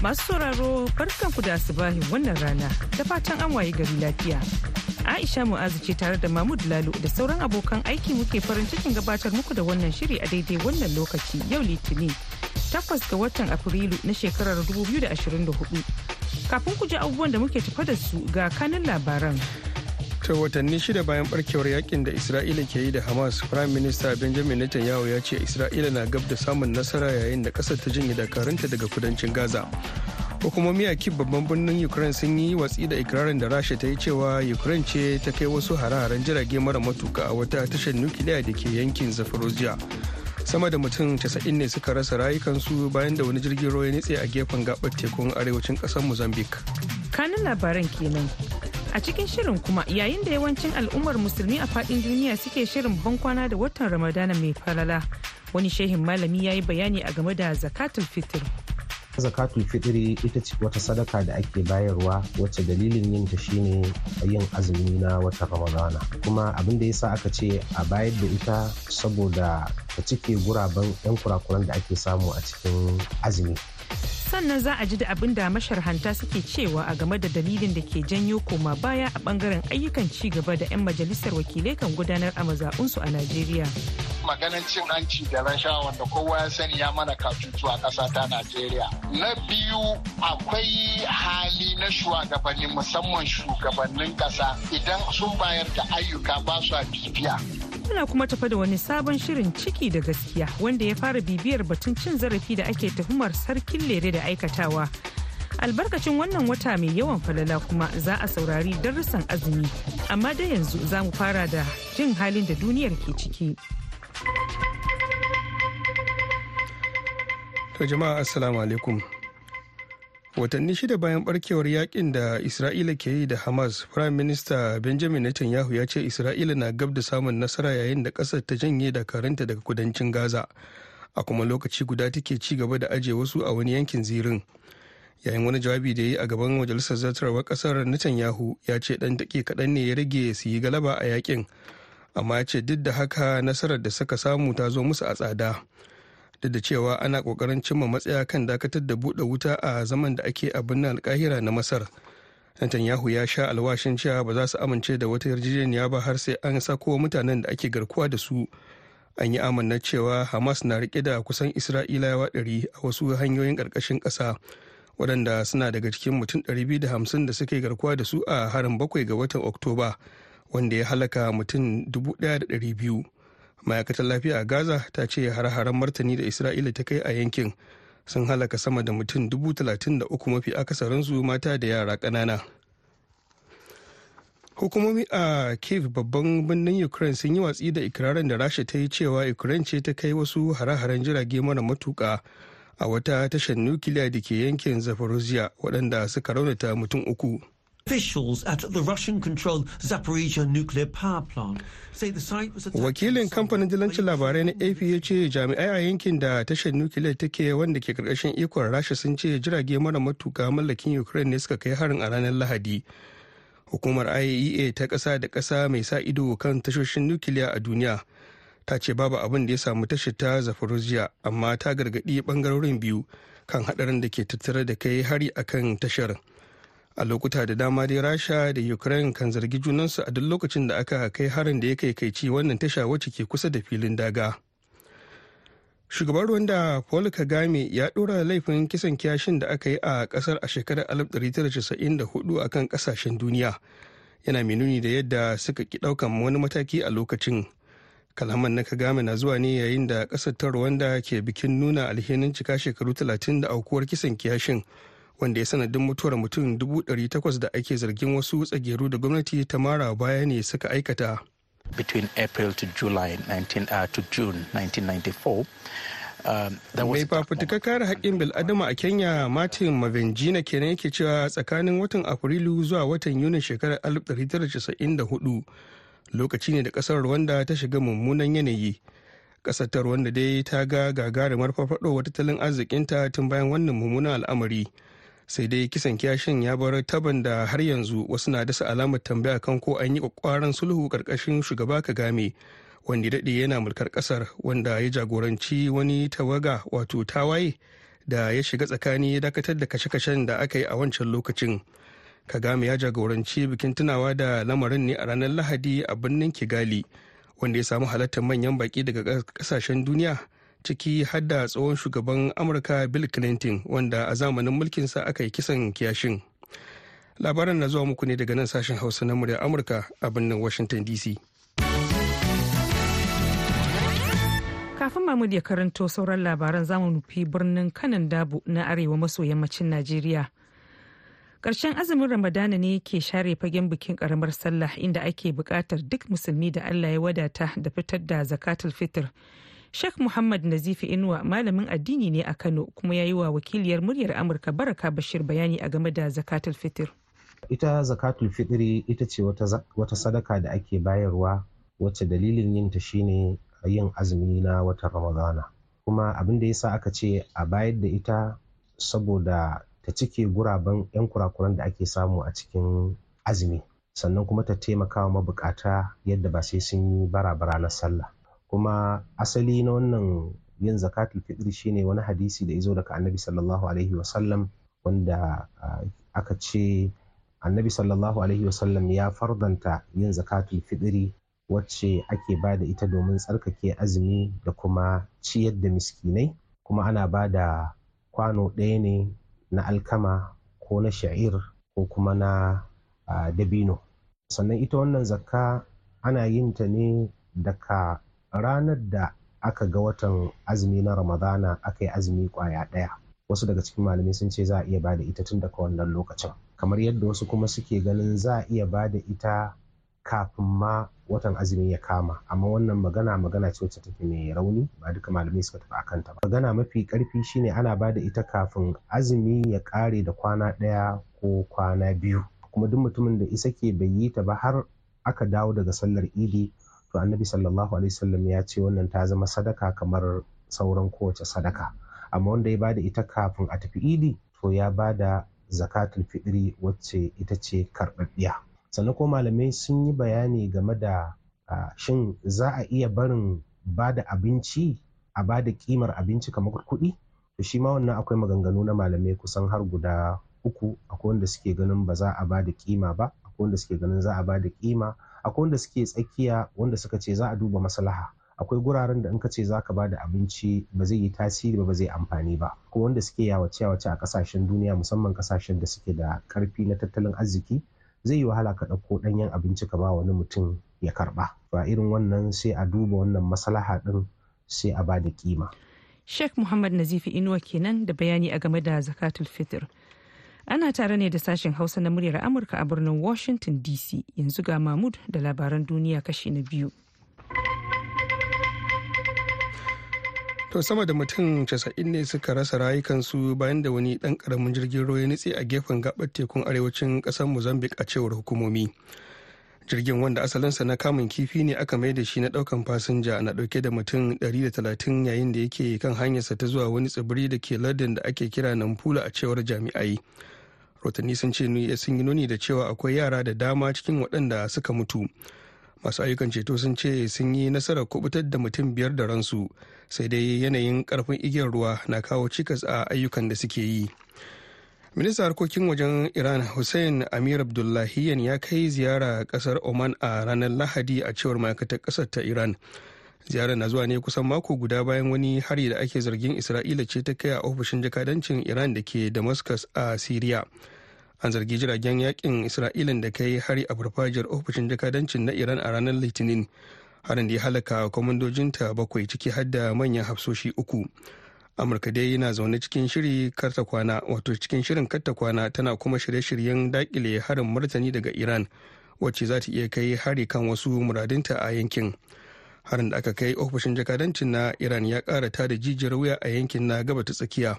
Masu sauraro barkanku da asubahin wannan rana da fatan an waye gari lafiya. Aisha Mu'azu ce tare da Mahmud Lalu da sauran abokan aiki muke farin cikin gabatar muku da wannan shiri a daidai wannan lokaci yau Litinin. Takwas ga watan Afrilu na shekarar 2024. Kafin ku ji abubuwan da muke tafa da su ga kanin labaran. To watanni shida bayan barkewar yakin da Isra'ila ke yi da Hamas, Prime Minister Benjamin Netanyahu ya ce Isra'ila na gab da samun nasara yayin da kasar ta janye dakarunta daga kudancin Gaza. Hukumomi a kib babban birnin Ukraine sun yi watsi da ikirarin da Rasha ta yi cewa Ukraine ce ta kai wasu hare-haren jirage mara matuka a wata tashar nukiliya da ke yankin zafarozia sama da mutum 90 ne suka rasa rayukansu bayan da wani jirgin ruwa ya nitse a gefen gabar tekun arewacin kasar mozambique kanin labaran kenan a cikin shirin kuma yayin da yawancin al'ummar musulmi a faɗin duniya suke shirin bankwana da watan ramadana mai falala wani shehin malami ya yi bayani a game da zakatul fitr zakatul fitri ita ce wata sadaka da ake bayarwa wacce dalilin yin ta shine yin azumi na watan ramadana kuma abin da yasa aka ce a bayar da ita saboda ta cike guraben yan kurakuran da ake samu a cikin azumi sannan za a ji da abin da masharhanta suke cewa a game da dalilin da ke janyo koma baya a bangaren ayyukan ci gaba da 'yan majalisar wakilai kan gudanar a mazaɓunsu a najeriya maganin cin hanci da rashawa wanda kowa ya sani ya mana katutu a ƙasa ta najeriya na biyu akwai hali na shugabanni musamman shugabannin ƙasa idan sun bayar da ayyuka ba su bibiya Muna kuma tafa da wani sabon shirin ciki da gaskiya wanda ya fara bibiyar batun cin zarafi da ake tuhumar sarkin lere da aikatawa. Albarkacin wannan wata mai yawan falala kuma za a saurari darussan azumi, amma da yanzu za mu fara da jin halin da duniyar ke ciki. To jama'a assalamu alaikum. watanni shida bayan barkewar yakin da isra'ila ke yi da hamas prime minister benjamin netanyahu ya ce isra'ila na gab da samun nasara yayin da kasar ta janye dakarunta daga kudancin gaza a kuma lokaci guda take ci gaba da aje wasu a wani yankin zirin yayin wani jawabi da ya yi a gaban majalisar zartarwar kasar netanyahu ya ce dan take kaɗan ne ya rage su yi galaba a yakin amma ya ce duk da haka nasarar da suka samu ta zo musu a tsada duk da cewa ana kokarin cimma matsaya kan dakatar da buɗe wuta a zaman da ake a birnin alkahira na masar netanyahu ya sha alwashin cewa ba za su amince da wata yarjejeniya ba har sai an sako mutanen da ake garkuwa da su an yi amanna cewa hamas na rike da kusan isra'ilawa 100 a wasu hanyoyin ƙarƙashin ƙasa waɗanda suna daga cikin mutum 250 da suke garkuwa da su a harin bakwai ga watan oktoba wanda ya halaka mutum 1,200 ma'aikatar lafiya a gaza ta ce har-haren martani da isra'ila ta kai a yankin sun halaka sama da mutum dubu talatin da uku mafi akasarinsu mata da yara ƙanana hukumomi a kiev babban birnin ukraine sun yi watsi da ikirarin da rasha ta yi cewa ukraine ce ta kai wasu hare-haren jirage mara matuka a wata tashar nukiliya da ke yankin zaporozhia waɗanda suka raunata mutum uku officials at the Russian-controlled Zaporizhia nuclear power plant say the Wakilin kamfanin dilancin labarai na AP ya ce jami'ai a yankin da tashar nukiliyar take wanda ke karkashin ikon Rasha sun ce jirage mara matuka mallakin Ukraine ne suka kai harin a ranar Lahadi. Hukumar IAEA e ta ƙasa da ƙasa mai sa ido kan tashoshin nukiliya a duniya ta ce babu abin da ya samu tashar ta Zaporizhia amma ta gargaɗi bangarorin biyu kan haɗarin da ke tattare da kai hari akan tashar. a lokuta da dama dai rasha da ukraine kan zargi junansu a duk lokacin da aka kai harin da ya kai kai ci wannan tasha wacce ke kusa da filin daga shugaban rwanda paul kagame ya dora laifin kisan kyashin da aka yi a kasar a shekarar 1994 akan kasashen duniya yana mai nuni da yadda suka ki daukan wani mataki a lokacin kalaman na kagame na zuwa ne yayin da kasar ta rwanda ke bikin nuna alhinin cika shekaru 30 da aukuwar kisan kyashin wanda ya sanadin mutuwar mutum takwas da ake zargin wasu tsageru da gwamnati ta mara baya ne suka aikata. Between April to July 19, uh, to June 1994, um, mai fafutuka kare haƙƙin bil'adama a kenya martin mavenjina kenan yake cewa tsakanin watan afrilu zuwa watan Yuni shekarar 1994 lokaci ne da ƙasar rwanda ta shiga mummunan yanayi ƙasar ta dai ta ga gagarumar wa tattalin arzikinta tun bayan wannan mummunan al'amari sai dai kisan kyashin ya bar taban da har yanzu wasu na dasa alamar tambaya kan ko an yi kwakwaran sulhu karkashin shugaba kagame wanda daɗe yana mulkar ƙasar wanda ya jagoranci wani tawaga wato tawaye da ya shiga tsakani ya dakatar da kashe-kashen da aka yi a wancan lokacin kagame ya jagoranci bikin tunawa da lamarin ne a ranar lahadi a birnin kigali wanda ya samu halartar manyan baƙi daga ƙasashen duniya ciki hadda tsohon shugaban amurka bill clinton wanda a zamanin mulkinsa aka yi kisan kiyashin labaran na zuwa muku ne daga nan sashen hausa na murya amurka a birnin washington dc kafin mahmud ya karanto sauran labaran zamu nufi birnin kanan dabu na arewa maso yammacin najeriya Ƙarshen azumin Ramadana ne ke share fagen bikin karamar sallah inda ake bukatar duk musulmi da Allah ya wadata da fitar da zakatul fitr Sheikh Muhammad Nazifi Inuwa malamin addini ne a Kano kuma ya yi wa wakiliyar muryar Amurka Baraka Bashir bayani a game da zakatul fitr. Ita zakatul fitri ita ce wata sadaka da ake bayarwa wacce dalilin yin ta shine yin azumi na wata Ramadana. Kuma abin da yasa aka ce a bayar da ita saboda ta cike guraben 'yan kurakuran da ake samu a cikin azumi sannan kuma ta taimaka wa mabukata yadda ba sai sun yi bara-bara na sallah. kuma asali na wannan yin zakatul fitr shine wani hadisi da izo daga annabi sallallahu alaihi wasallam wanda aka ce annabi sallallahu alaihi wasallam ya fardanta yin zakatul fitri wacce ake ba da ita domin tsarkake azumi da kuma ciyar da miskinai kuma ana ba da kwano ɗaya ne na alkama ko na sha'ir ko kuma na dabino sannan ita wannan zakka ana yin ta ne daga ranar da aka ga watan azumi na ramadana aka yi azumi kwaya ɗaya wasu daga cikin malamai sun ce za a iya ba da ita tun daga wannan lokacin kamar yadda wasu kuma suke ganin za a iya ba da ita kafin ma watan azumi ya kama amma wannan magana magana ce wacce take mai rauni ba duka malamai suka tafi akan ta ba magana mafi karfi shine ana ba da ita kafin azumi ya kare da kwana ɗaya ko kwana biyu kuma duk mutumin da isa ke bai yi ta ba har aka dawo daga sallar idi to annabi sallallahu alaihi wasallam ya ce wannan ta zama sadaka kamar sauran kowace sadaka amma wanda ya bada ita kafin a tafi idi to ya bada zakatul fitri wacce ita ce karɓaɓɓiya sannan ko malamai sun yi bayani game da shin za a iya barin bada abinci a bada kimar abinci kamar kuɗi to shi ma wannan akwai maganganu na malamai kusan har guda uku akwai wanda suke ganin ba za a bada kima ba akwai wanda suke ganin za a bada kima akwai wanda suke tsakiya wanda suka ce za a duba maslaha akwai guraren da in ka ce za ka ba da abinci ba zai yi tasiri ba ba zai amfani ba ko wanda suke yawace yawace a kasashen duniya musamman ƙasashen da suke da karfi na tattalin arziki zai yi wahala ka ɗauko ɗanyen abinci ka ba wani mutum ya karɓa ba irin wannan sai a duba wannan maslaha ɗin sai a ba da kima Sheikh Muhammad Nazifi Inuwa kenan da bayani a game da zakatul fitr. Ana tare ne da sashen Hausa na muryar Amurka a birnin Washington DC yanzu ga Mahmud da labaran duniya kashi na biyu. To sama da mutum 90 ne suka rasa rayukansu bayan da wani ɗan ƙaramin jirgin ruwa ya nutse a gefen gaɓar tekun arewacin ƙasar Mozambique a cewar hukumomi. jirgin wanda asalinsa na kamun kifi ne aka mai da shi na daukan fasinja na dauke da mutum 130 yayin da yake kan hanyarsa ta zuwa wani tsibiri da ke lardin da ake kira nampula a cewar jami'ai rotanni sun ce sun yi nuni da cewa akwai yara da dama cikin waɗanda suka mutu masu ayyukan ceto sun ce sun yi nasarar kubutar da mutum biyar da ransu sai dai yanayin karfin igiyar ruwa na kawo cikas a ayyukan da suke yi ministan harkokin wajen iran hussein amir abdullahiyan ya kai ziyara kasar oman a ranar lahadi a cewar ma'aikatar kasar ta iran ziyarar na zuwa ne kusan mako guda bayan wani hari da ake zargin isra'ila ce ta kai a ofishin jakadancin iran da ke damascus a syria an zargi jiragen yakin isra'ilan da kai hari a farfajiyar ofishin jakadancin na iran a ranar litinin harin da ya halaka ta bakwai ciki har da manyan hafsoshi uku amurka dai yana zaune cikin shiri karta kwana wato cikin shirin karta kwana tana kuma shirye-shiryen dakile harin martani daga iran wacce za ta iya kai hari kan wasu muradinta a yankin harin da aka kai ofishin jakadancin na iran ya kara ta da jijiyar wuya a yankin na gaba ta tsakiya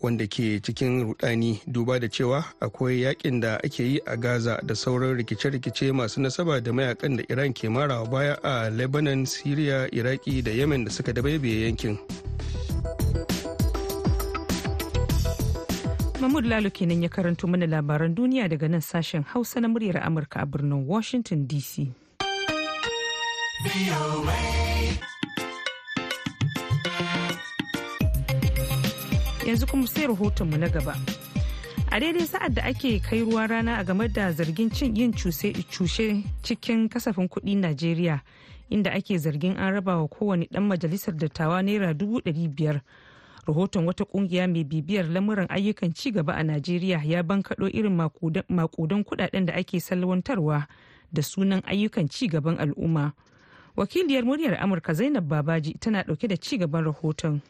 wanda ke cikin rudani duba da cewa akwai yakin da ake yi a gaza da sauran rikice-rikice masu nasaba da mayakan da iran ke marawa baya a lebanon syria iraki da yemen da suka dabaibaye yankin Mahmud lalu kenan ya karanto mana labaran duniya daga nan sashen Hausa na muryar Amurka a birnin Washington DC. Yanzu kuma sai rahotonmu na gaba. a daidai sa'ad da ake kai ruwa rana a game da zargin cin yin cushe cikin kasafin kuɗi najeriya inda ake zargin an raba wa kowane ɗan majalisar dattawa naira dubu ɗari biyar rahoton wata kungiya mai bibiyar lamuran ayyukan ci gaba a najeriya ya bankaɗo irin makudan kudaden da ake salwantarwa da sunan ayyukan ci gaban al'umma wakiliyar muryar amurka zainab babaji tana ɗauke da ci gaban rahoton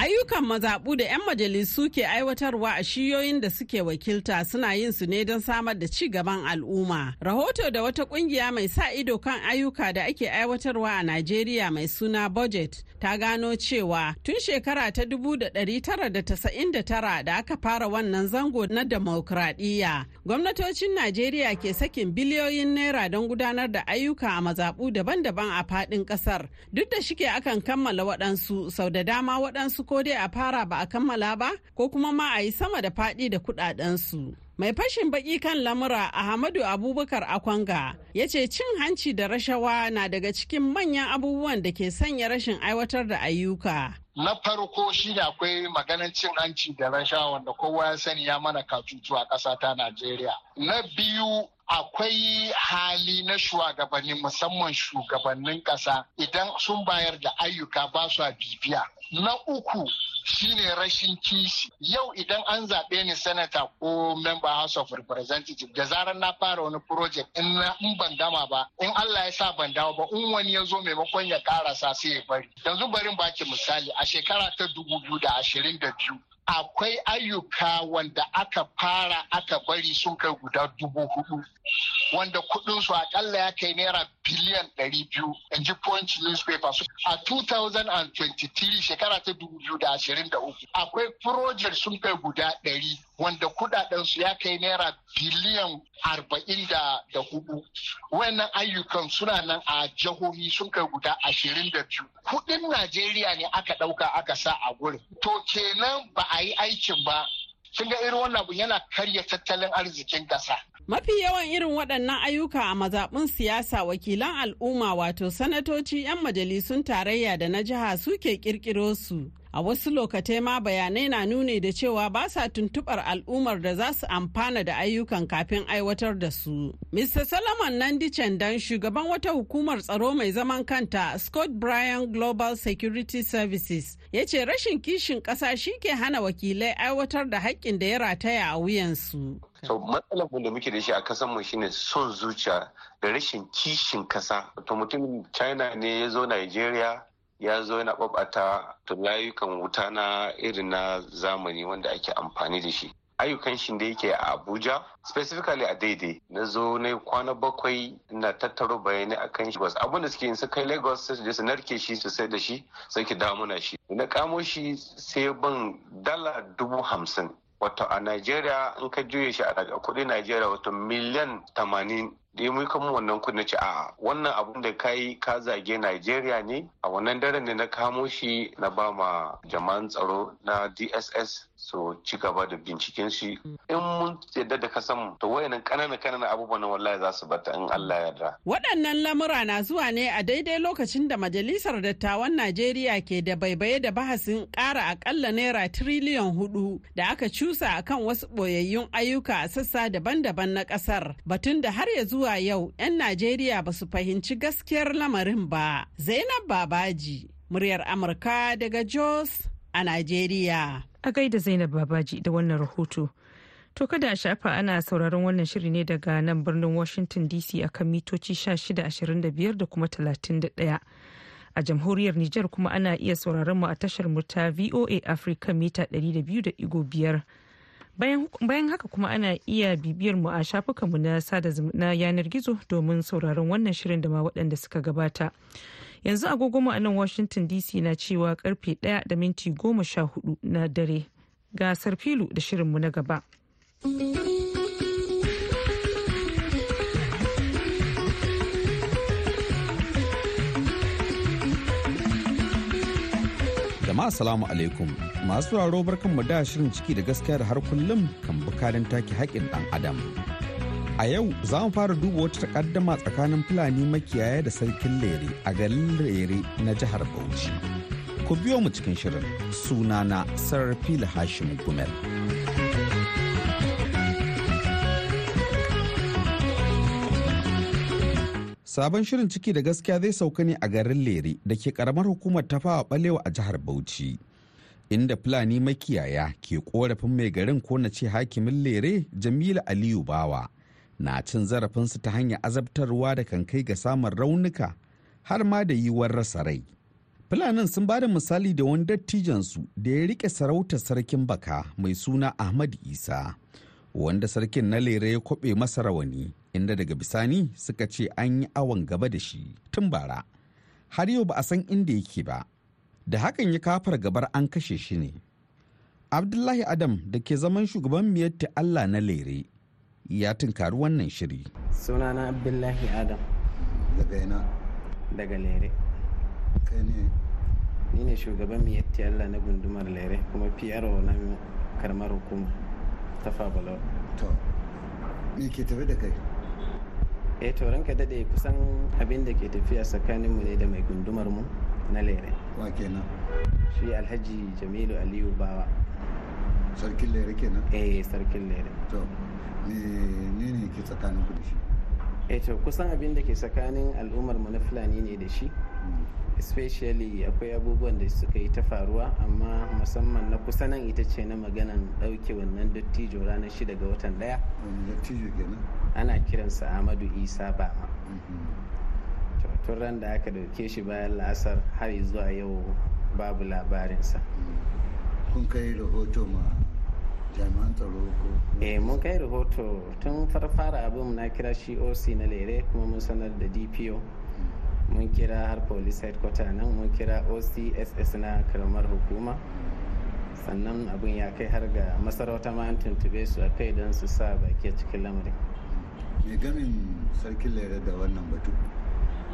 Ayyukan mazaɓu da 'yan majalisu ke aiwatarwa a shiyoyin da suke wakilta suna yin su ne don samar da ci gaban al'umma. Rahoto da wata ƙungiya mai sa ido kan ayyuka da ake aiwatarwa a Najeriya mai suna budget ta gano cewa tun shekara ta 1999 da aka fara wannan zango na demokradiyya. Gwamnatocin Najeriya ke sakin biliyoyin naira don gudanar da ayyuka a mazaɓu daban-daban a faɗin ƙasar. Duk da shike akan kammala waɗansu sau da dama waɗansu ko dai a fara ba a kammala ba ko kuma ma a yi sama da faɗi da kuɗaɗensu. mai fashin baki kan lamura ahmadu abubakar akwanga ya ce cin hanci da rashawa na daga cikin manyan abubuwan da ke sanya rashin aiwatar da ayyuka na farko shi shine akwai maganin cin hanci da rashawa wanda kowa ya sani ya mana katutu a ƙasa ta najeriya na biyu akwai hali na shugabanni musamman shugabannin ƙasa idan sun bayar da ayyuka ba su bibiya. Na uku shine rashin kishi yau idan an zaɓe ni Senator ko member house of representatives da zarar na fara wani project in in ban gama ba in Allah ya sa ban dawo ba in wani ya zo maimakon ya karasa sai ya bari yanzu barin baki misali a shekara ta dubu biyu da ashirin da biyu akwai ayyuka wanda aka fara aka bari sun kai guda dubu hudu wanda kudin su akalla ya kai naira biliyan 200 in ji punch newspaper a 2023 shekara ta 2023 akwai project sun kai guda 100 wanda kudaden su ya kai naira biliyan 44 wannan ayyukan suna nan a jihohi sun kai guda 22 kudin najeriya ne aka dauka aka sa a gurin to kenan ba a yi aikin ba kin ga irin wannan abu yana karya tattalin arzikin ƙasa Mafi yawan irin waɗannan ayyuka a mazaɓin siyasa wakilan al'umma wato sanatoci 'yan majalisun tarayya da na jiha suke ƙirƙiro su. A wasu lokatai ma bayanai na nuni da cewa ba sa tuntuɓar al'ummar da za su amfana da ayyukan kafin aiwatar da su. Mr. Solomon Nandi dan shugaban wata hukumar tsaro mai zaman kanta Scott Bryan Global Security Services ya ce rashin kishin ƙasa shi ke hana wakilai aiwatar da haƙƙin da ya rataya a wuyansu. so matsalar da muke da shi a kasan mu shine son zuciya da rashin kishin kasa to mutumin china ne ya zo nigeria ya zo yana babata layukan wuta na irin na zamani wanda ake amfani da shi ayyukan shi da yake a abuja specifically a daidai na zo na kwana bakwai na tattaro bayanai akan shi abin da suke yin su kai lagos su je su narke shi su sai da shi sai ki damuna shi na kamo shi sai ban dala dubu hamsin wato a Najeriya in ka juye shi a daga kuɗin Najeriya wato miliyan tamanin da ya muka mu wannan kudi ce a wannan abun da kai ka zage Najeriya ne a wannan daren ne na kamo shi na ba ma jama'an tsaro na DSS so ci gaba da binciken shi in mun yadda da ka samu to wayannan kanana kanana abubuwan wallahi za su bata in Allah yarda waɗannan lamura na zuwa ne a daidai lokacin da majalisar dattawan Najeriya ke da baibaye da bahasin ƙara akalla naira tiriliyan hudu da aka cusa akan wasu boyayyun ayyuka a sassa daban-daban na ƙasar batun da har yanzu. zuwa yau 'yan Najeriya ba su fahimci gaskiyar lamarin ba. Zainab Babaji, muryar Amurka daga Jos a Najeriya. A gaida Zainab Babaji da wannan rahoto. To kada shafa ana sauraron wannan shiri ne daga nan birnin Washington DC a kan mitoci 1625 da kuma 31. A jamhuriyar Nijar kuma ana iya sauraron mu a tashar mu VOA Africa mita 200.5. bayan haka kuma ana iya bibiyar mu a shafukanmu na sada na yanar gizo domin sauraron wannan shirin da ma waɗanda suka gabata yanzu agogonmu a nan washington dc na cewa karfe 1 da minti goma sha hudu na dare gasar filu da shirinmu na gaba. jama'a salamu alaikum masu raro barkanmu da shirin ciki da gaskiya da har kullum kan bukarin take haƙƙin ɗan adam a yau za mu fara duba wata takaddama tsakanin fulani makiyaya da sarkin lere a garin lere na jihar bauchi ku biyo mu cikin shirin sunana sarrafi hashim gumel Sabon shirin ciki da gaskiya zai sauka ne a garin Lere da ke karamar hukumar tafawa balewa a jihar Bauchi. Inda Fulani makiyaya ke korafin mai garin ko na ce hakimin Lere Jamilu Aliyu Bawa na cin zarafinsu ta hanyar azabtarwa da kan kai ga samun raunuka har ma da yiwuwar rasa rai. Fulanin sun ba da misali da wani dattijansu da ya rike sarautar sarkin baka mai suna Ahmad Isa, wanda sarkin na lere ya kwaɓe masa rawani inda daga bisani suka ce an yi awon gaba da shi tun bara har yau ba a san inda yake ba da hakan ya kafar gabar an kashe shi ne abdullahi adam da ke zaman shugaban miyatti allah na lere ya tunkari wannan shiri sunana abdullahi adam daga ina daga lere kai ne ni ne shugaban miyatti allah na gundumar lere kuma pro na karmar hukuma ta fabalo to me ke tafi da kai eh to ranka dade kusan abin da ke tafiya tsakanin mu ne da mai gundumar mu na lere wa kenan shi alhaji jamilu aliyu bawa sarkin lere kenan eh sarkin lere to ne ne ke tsakanin ku da shi eh to kusan abin da ke tsakanin al'ummar mu na fulani ne da shi hmm. especially akwai abubuwan da suka yi ta faruwa amma musamman na kusa nan ita ce na maganan ɗauke wannan dattijo ranar shida ga watan daya dattijo kenan ana kiransa Amadu isa ba mm-hmm. tun ran da aka dauke shi bayan la'asar har zuwa yau babu labarinsa mm-hmm. kun kai rahoto ma jami'an tsaro eh mun kai rahoto tun farfara abin na kira shi oc na lere kuma mun sanar da dpo mm-hmm. mun kira har police headquarter nan mun kira ocss na karamar hukuma sannan abin ya kai har ga masarauta ma an tuntube su a kai don su sa baki cikin lamarin me gamin sarkin lera da wannan batu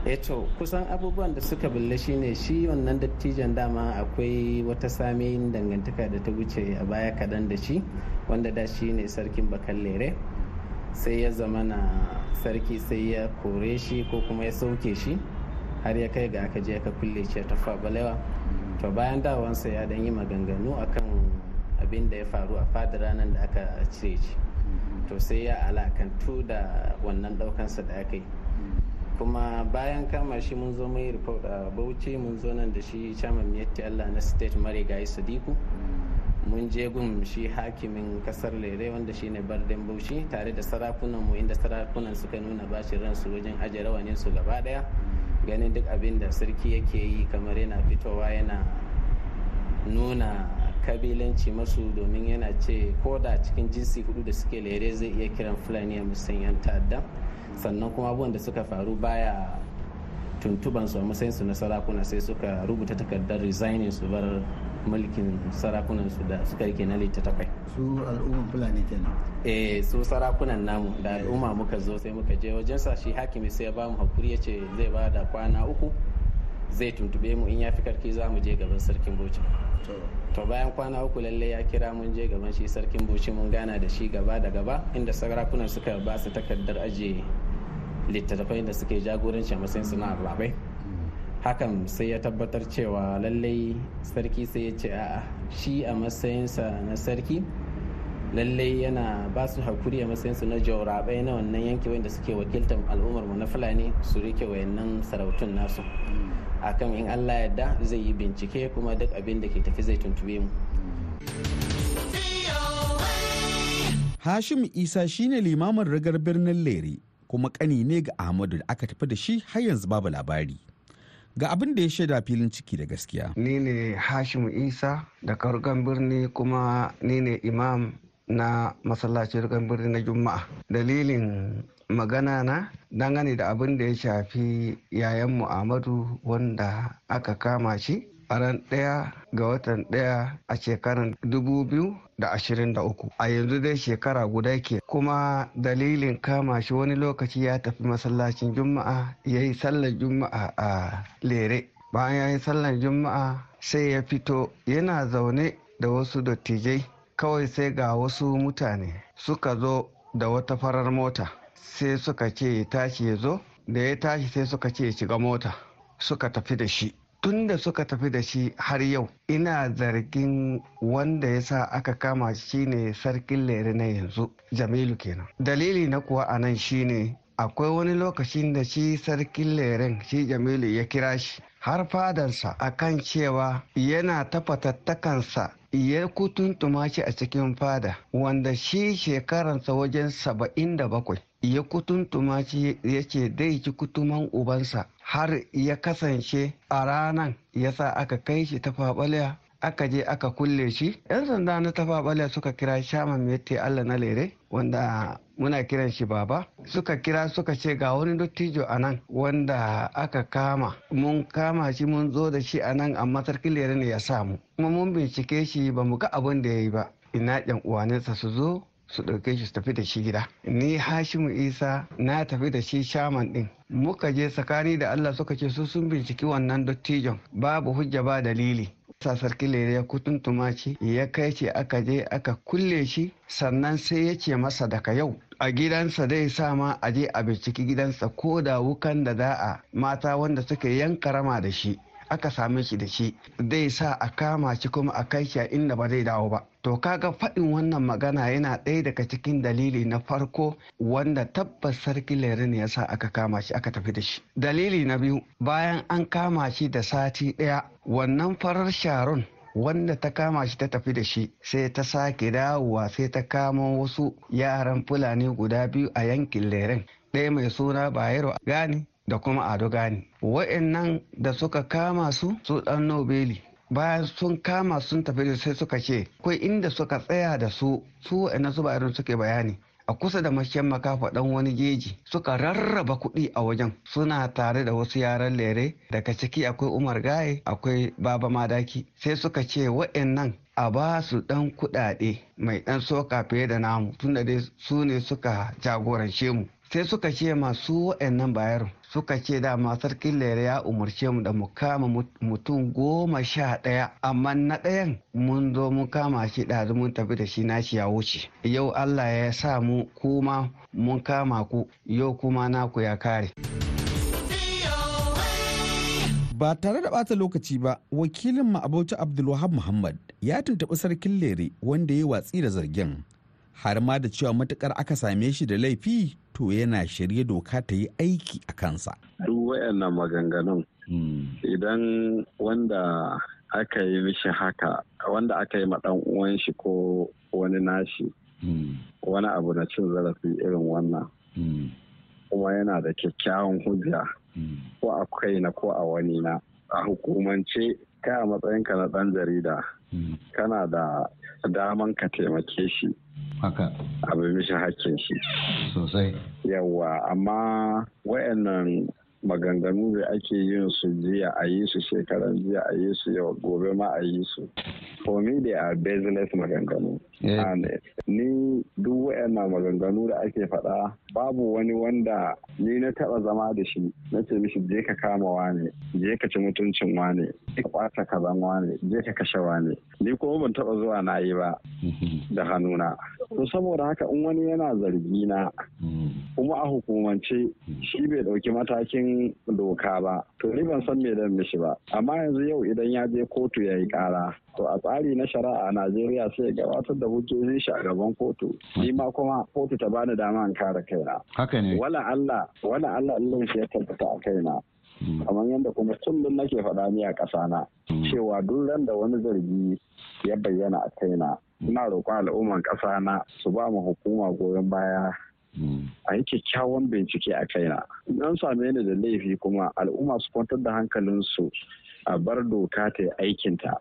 eh to kusan abubuwan da suka bulle shine shi wannan dattijan dama akwai wata sami dangantaka da ta wuce a baya kadan da shi wanda da shi ne sarkin bakan lere sai ya zama na sarki sai ya kore shi ko kuma ya sauke shi har ya kai ga aka je aka kulle shi ta fabalewa to bayan dawansa ya dan yi maganganu akan abin da ya faru a fadar ranar da aka cire shi to sai ya alakantu da wannan daukansa da aka yi kuma bayan kama shi mun zo mai report a bauchi mun zo nan da shi chairman miyatti allah na state marigayi sadiku mun je gun shi hakimin kasar lere wanda shi ne bardin bauchi tare da sarakunan mu inda sarakunan suka nuna bashi ransu wajen aje rawanin su gaba daya ganin duk abin da sarki yake yi kamar yana fitowa yana nuna kabilanci masu domin yana ce ko da cikin jinsi hudu da suke lere zai iya kiran fulani a matsayin yan ta'adda sannan kuma abubuwan da suka faru baya tuntuban su a matsayin su na sarakuna sai suka rubuta takardar resigning su bar mulkin sarakunan su da suka rike na takwai. su al'umman fulani kenan eh su sarakunan namu da eh. al'umma muka zo sai muka je wajen sa shi hakimi sai ya ba mu hakuri ya ce zai ba da kwana uku zai tuntube mu in ya fi karki za mu je gaban sarkin bauchi to bayan kwana uku lallai ya kira mun je gaban shi sarkin buci mun gana da shi gaba da gaba inda sarakunan suka ba su takardar ajiye littattafai da suke jagoranci a matsayin suna rabai hakan sai ya tabbatar cewa lallai sarki sai ya ce a'a shi a matsayinsa na sarki lallai yana ba su hakuri a matsayinsu na jaurabai na wannan yanki wanda suke wakiltar al'ummar mu na fulani su rike wayannan sarautun nasu akan in Allah yadda zai yi bincike kuma duk abin da ke tafi zai tuntube mu Hashim Isa shine limamin ragar birnin Lere kuma kani ne ga Ahmadu da aka tafi da shi har yanzu babu labari. Ga abin da ya shaida filin ciki da gaskiya. Ni ne Hashim Isa da karugan birni kuma ni ne imam na masallacin ragar birni na Juma'a. Dalilin magana na dangane da abin da ya shafi yayan mu'amadu wanda aka kama shi a ran ɗaya ga watan ɗaya a shekarar 2023 a yanzu dai shekara guda ke kuma dalilin kama shi wani lokaci ya tafi masallacin juma'a ya yi sallar juma'a a lere bayan ya yi sallar juma'a sai ya fito yana zaune da wasu dattijai kawai sai ga wasu mutane suka zo da wata farar mota sai suka ce ya tashi ya zo da ya tashi sai suka ce ya shiga mota suka tafi da shi tun da suka tafi da shi har yau ina zargin wanda ya sa aka kama shi ne sarkin lere na yanzu jamilu kenan dalili na kuwa a nan shine akwai wani lokacin da shi sarkin leren shi jamilu ya kira shi har fadarsa akan cewa yana tafatattakansa ya kutuntuma shi a cikin fada wanda shi shekaransa wajen saba'in da bakwai ya kutuntuma shi ya ce zai ci kutuman ubansa har ya kasance a ranar ya sa aka kai shi ta faɓalya aka je aka kulle shi yan sanda na tafaɓalya suka kira shaman mete allah na lere wanda muna kiran shi baba suka kira suka ce ga wani dottijo a nan wanda aka kama mun kama shi mun zo da shi a nan amma sarki lere ne ya samu kuma mun bincike shi ba mu ga abin da ya yi ba ina yan uwanensa su zo su ɗauke shi su tafi da shi gida ni hashimu isa na tafi da shi shaman ɗin muka je tsakani da allah suka ce su sun binciki wannan dattijon babu hujja ba dalili sa sarki lere ya kutuntuma shi ya kai ce aka je aka kulle shi sannan sai ya ce masa daga yau a gidansa dai sa ma a je a binciki gidansa ko da wukan da za a mata wanda suka yanka rama da shi aka same shi da shi zai sa a kama shi kuma a kai shi a inda ba zai dawo ba to kaga faɗin wannan magana yana ɗaya daga cikin dalili na farko wanda tabbas sarki lerin ya sa aka kama shi aka tafi da shi dalili na biyu bayan an kama shi da sati ɗaya wannan farar sharon wanda ta kama shi ta tafi da shi sai ta sake dawowa sai ta kama wasu yaran fulani guda biyu a yankin leren ɗaya mai suna bayero gani da kuma ado gani wa'annan da suka kama su su dan nobeli bayan sun kama sun tafi da sai suka ce akwai inda suka tsaya da su su wa'annan su ba suke bayani a kusa da mashiyan makafa dan wani jeji suka rarraba kuɗi a wajen suna tare da wasu yaran lere daga ciki akwai umar gaye akwai baba madaki sai suka ce wa'annan a ba su dan kuɗaɗe mai dan soka fiye da namu tunda dai su ne suka jagorance mu sai suka ce masu wa'annan bayar suka ce dama sarkin lere ya umarce mu da mu kama mutum goma sha ɗaya amma na ɗayan mun zo mun kama shi ɗazu mun tafi da shi nashi ya wuce yau allah ya sa mu kuma mun kama ku yau kuma naku ya kare ba tare da bata lokaci ba wakilin mu abauci abdulwahab muhammad ya tuntuɓi sarkin lere wanda ya watsi da zargin har ma da cewa matukar aka same shi da laifi to yana shirye doka ta yi aiki a kansa. Duk wayannan maganganun hmm. idan wanda aka yi mishi haka wanda aka yi ɗan uwan shi ko wani nashi hmm. wani abu na cin zarafi irin wannan hmm. kuma yana da kyakkyawan hujja ko a kaina ko a wani na a hukumance kai a matsayinka na ɗan jarida kana da daman ka taimake shi haka abin bisa hakkin shi. sosai yawa amma wayannan maganganu da ake yin su jiya a yi su shekaran jiya a yi su yau gobe ma a yi su for me they are baseless maganganu eh, ni duk wayannan maganganu da ake faɗa babu wani wanda ni na taɓa zama da shi na ce mishi je ka kama wane je ka ci mutuncin wane ka ɓata kazan wane je ka kashe wane ni kuma ban taɓa zuwa na yi ba mm-hmm. da hannuna to saboda haka in wani yana zargi na mm. kuma a hukumance shi bai ɗauki matakin doka ba to ni ban san me da mishi ba amma yanzu yau idan ya je kotu ya yi kara to a tsari na shari'a a Najeriya sai gabatar da hujjojin shi a gaban kotu shi ma kuma kotu ta bani dama in kare kaina haka ne wala Allah wala Allah Allah ya tabbata a kaina hmm. kamar yadda kuma kullum nake faɗa ni a ƙasana hmm. cewa duk ran da wani zargi ya bayyana a kaina ina roƙon al'umman ƙasana su ba mu hukuma goyon baya a yi kyakkyawan bincike a kaina an same ni da laifi kuma al'umma su kwantar da hankalinsu a bar doka ta aikinta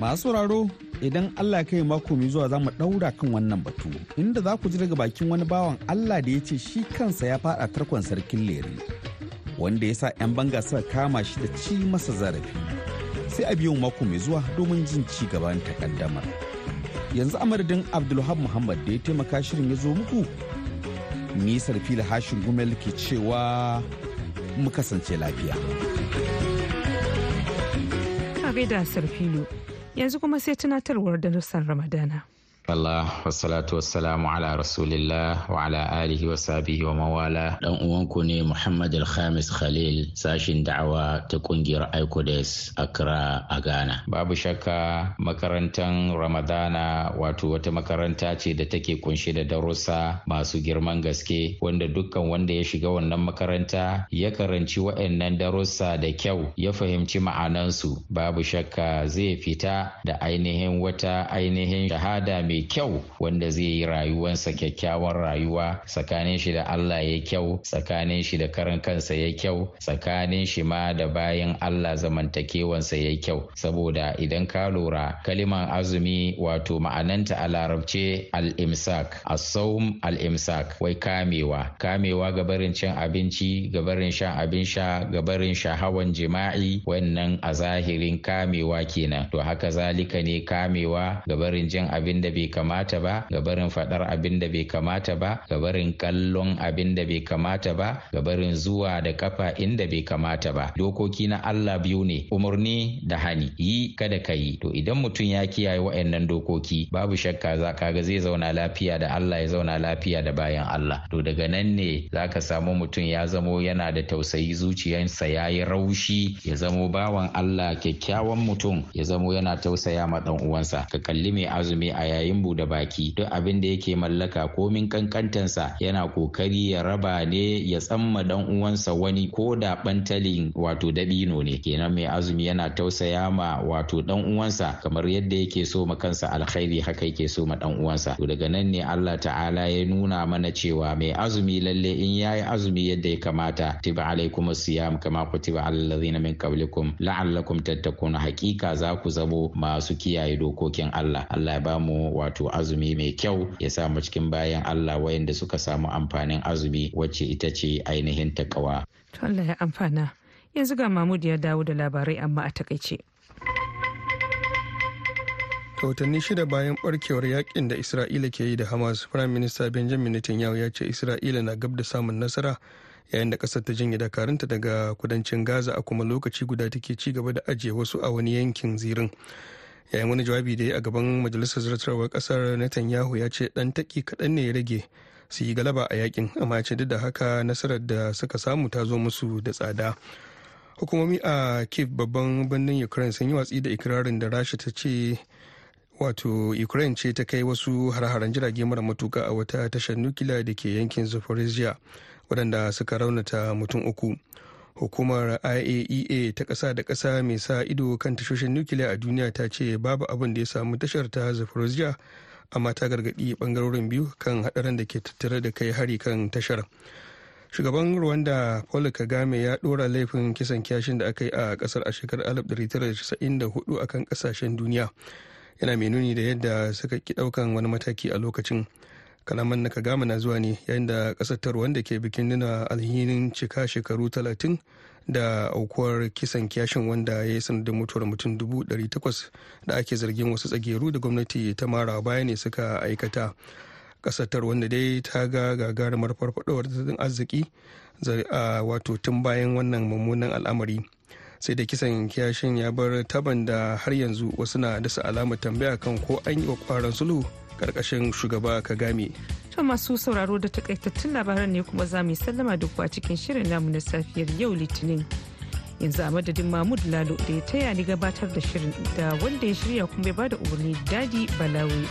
masu sauraro idan Allah ya kai mako mai zuwa za mu ɗaura kan wannan batu inda za ku ji daga bakin wani bawan Allah da ya ce shi kansa ya faɗa tarkon sarkin lere wanda ya sa 'yan banga suka kama shi da ci masa zarafi sai a biyu mako mai zuwa domin jin ci gaban takaddamar yanzu a madadin abdulhab muhammad da ya taimaka shirin ya zo muku ni da hashin gumel ke cewa mu kasance lafiya gaida sarfilo yanzu kuma sai tunatarwar da nusan ramadana Allah wassalatu wassalamu ala rasulillah wa ala alihi wa sabihi wa mawala dan uwanku ne Muhammad Al-Khamis Khalil sashin da'awa ta kungiyar a Accra a Ghana. Babu shakka makarantar Ramadana wato wata makaranta ce da take kunshe da darussa masu girman gaske wanda dukkan wanda ya shiga wannan makaranta ya karanci waɗannan darussa da kyau ya fahimci ma'anansu babu shakka zai fita da ainihin wata ainihin shahada mai kyau wanda zai yi rayuwansa kyakkyawan rayuwa tsakanin shi da Allah ya kyau tsakanin shi da karan kansa ya kyau tsakanin shi ma da bayan Allah zamantakewansa ya kyau saboda idan ka lura kaliman azumi wato ma'ananta a larabce al-imsak as-sawm al-imsak wai kamewa kamewa ga barin cin abinci ga barin shan abin sha ga barin shahawan jima'i wannan a zahirin kamewa kenan to haka zalika ne kamewa ga barin jin abin da bai bai kamata ba ga barin faɗar abin da bai kamata ba ga barin kallon abin da bai kamata ba ga barin zuwa da kafa inda bai kamata ba dokoki na Allah biyu ne umarni da hani yi kada ka yi to idan mutum ya kiyaye waɗannan dokoki babu shakka za ka ga zai zauna lafiya da Allah ya zauna lafiya da bayan Allah to daga nan ne za ka samu mutum ya zamo yana da tausayi zuciyarsa ya yi raushi ya zamo bawan Allah kyakkyawan mutum ya zamo yana tausaya ma dan uwansa ka kalli mai azumi a yayin yin bude baki duk abin da yake mallaka komin kankantansa yana kokari ya raba ne ya tsamma dan uwansa wani ko da bantalin wato dabino ne kenan mai azumi yana tausaya ma wato dan uwansa kamar yadda yake so ma kansa alkhairi haka yake so ma dan uwansa to daga nan ne Allah ta'ala ya nuna mana cewa mai azumi lalle in yayi azumi yadda ya kamata tiba alaikum siyam kama kutiba alal ladina min qablikum la'allakum tattakuna hakika za ku zamo masu kiyaye dokokin Allah Allah ya ba mu wato azumi mai kyau ya sa mu cikin bayan Allah wayanda suka samu amfanin azumi wacce ita ce ainihin takawa. Allah ya amfana. Yanzu ga Mahmud ya dawo da labarai amma a takaice. watanni shida bayan barkewar yakin da isra'ila ke yi da hamas prime minister benjamin netanyahu ya ce isra'ila na gab da samun nasara yayin da kasar ta janye dakarunta daga kudancin gaza a kuma lokaci guda take ci gaba da ajiye wasu a wani yankin zirin yayin wani jawabi da ya a gaban majalisar zartarwar kasar netanyahu ya ce dan taki kaɗan ne ya rage su yi galaba a yakin amma ya ce duk da haka nasarar da suka samu ta zo musu da tsada hukumomi a kif babban birnin ukraine sun yi watsi da ikirarin da rasha ta ce wato ukraine ce ta kai wasu har-haren jirage mara matuka a wata tashar nukila da ke yankin zaporizhia waɗanda suka raunata mutum uku hukumar iaea e ta ƙasa da kasa mai sa ido kan tashoshin nukiliya a duniya ta ce babu abin da ya samu tashar ta zaporozhia amma ta gargaɗi ɓangarorin biyu kan haɗarin da ke tattare da kai hari kan tashar shugaban rwanda paul kagame ya ɗora laifin kisan kyashin da aka yi a ƙasar a shekarar 1994 a kan ƙasashen duniya yana mai nuni da yadda suka ki ɗaukan wani mataki a lokacin kalaman na gama na zuwa ne yayin da kasar ta wanda ke bikin nuna alhinin cika shekaru talatin da aukuwar kisan kiyashin wanda ya yi sanadin mutuwar mutum takwas da ake zargin wasu tsageru da gwamnati ta mara baya ne suka aikata kasar ta wanda dai ta ga gagarumar farfadowar tattalin arziki wato tun bayan wannan mummunan al'amari sai da kisan kiyashin ya bar taban da har yanzu wasu na dasa alamar tambaya kan ko an yi wa kwaran sulhu karkashin shugaba kagame To masu sauraro da takaitattun labaran ne kuma za mu sallama duk a cikin shirin namu na safiyar yau litinin. Yanzu a madadin Mahmud Lalo da ya taya ni gabatar da shirin da wanda ya shirya kuma ya bada umarni Dadi Balawi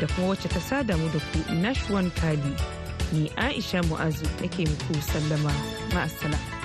da kuma wacce ta sada mu da ku Nashwan Kali. Ni Aisha Mu'azu nake muku sallama. Ma'asala.